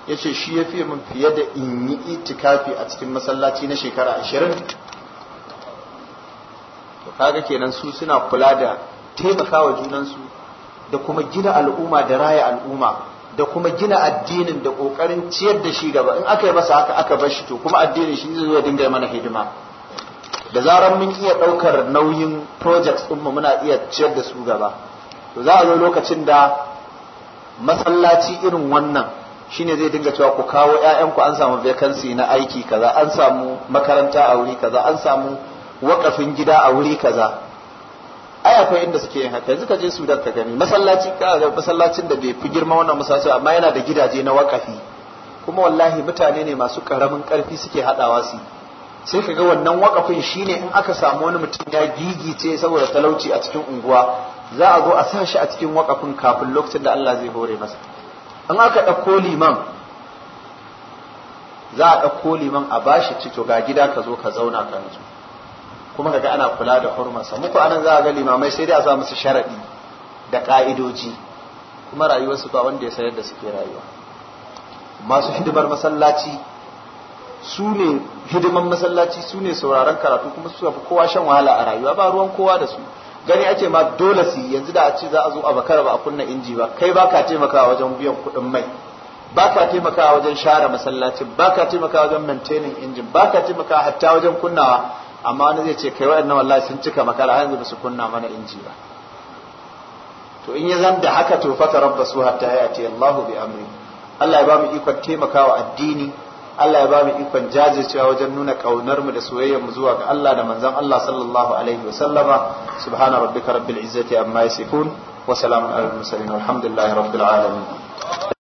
ya ce shi ya fiye min fiye da in yi itikafi a cikin masallaci na shekara ashirin to kaga kenan su suna kula da taimakawa junansu da kuma gina al'umma da raya al'umma da kuma gina addinin da kokarin ciyar da shi gaba in aka yi masa haka aka bar shi to kuma addinin shi zai zo dinga mana hidima da zaran mun iya daukar nauyin projects din mu muna iya ciyar da su gaba to za a zo lokacin da masallaci irin wannan shine zai dinga cewa ku kawo 'ya'yanku an samu vacancy na aiki kaza an samu makaranta a wuri kaza an samu waƙafin gida a wuri kaza ai akwai inda suke yin haka yanzu ka je Sudan ka gani masallaci ka masallacin da bai fi girma wannan masallaci amma yana da gidaje na waƙafi kuma wallahi mutane ne masu karamin karfi suke hadawa su sai ka ga wannan waƙafin shine in aka samu wani mutum ya gigice saboda talauci a cikin unguwa za a zo a sa shi a cikin waƙafin kafin lokacin da Allah zai hore masa in aka ɗauko liman za a ɗauko liman a bashi cito ga gida ka zo ka zauna ka nutsu kuma kaga ana kula da hurmarsa muku anan za a ga limamai sai dai a sa musu sharadi da ka'idoji kuma rayuwarsu ba wanda ya sayar da suke rayuwa masu hidimar masallaci su ne hidiman masallaci su ne sauraron karatu kuma su fi kowa shan wahala a rayuwa ba ruwan kowa da su gani ake ma dole su yanzu da a ce za a zo a bakara ba a kunna inji ba kai baka ka taimakawa wajen biyan kuɗin mai Baka ka taimakawa wajen share masallacin Baka ka taimakawa wajen maintaining injin Baka ka taimakawa hatta wajen kunnawa amma wani zai ce kai waɗannan wallahi sun cika makara har yanzu ba su kunna mana inji ba to in ya zan da haka to fata rabba su hatta ya ce Allahu bi amri Allah ya ba mu ikon taimakawa addini Allah ya ba mu ikon jajircewa wajen nuna kaunar mu da soyayyar mu zuwa ga Allah da manzon Allah sallallahu alaihi wa sallama subhana rabbika rabbil izzati amma yasifun wa salamun alal mursalin walhamdulillahi rabbil alamin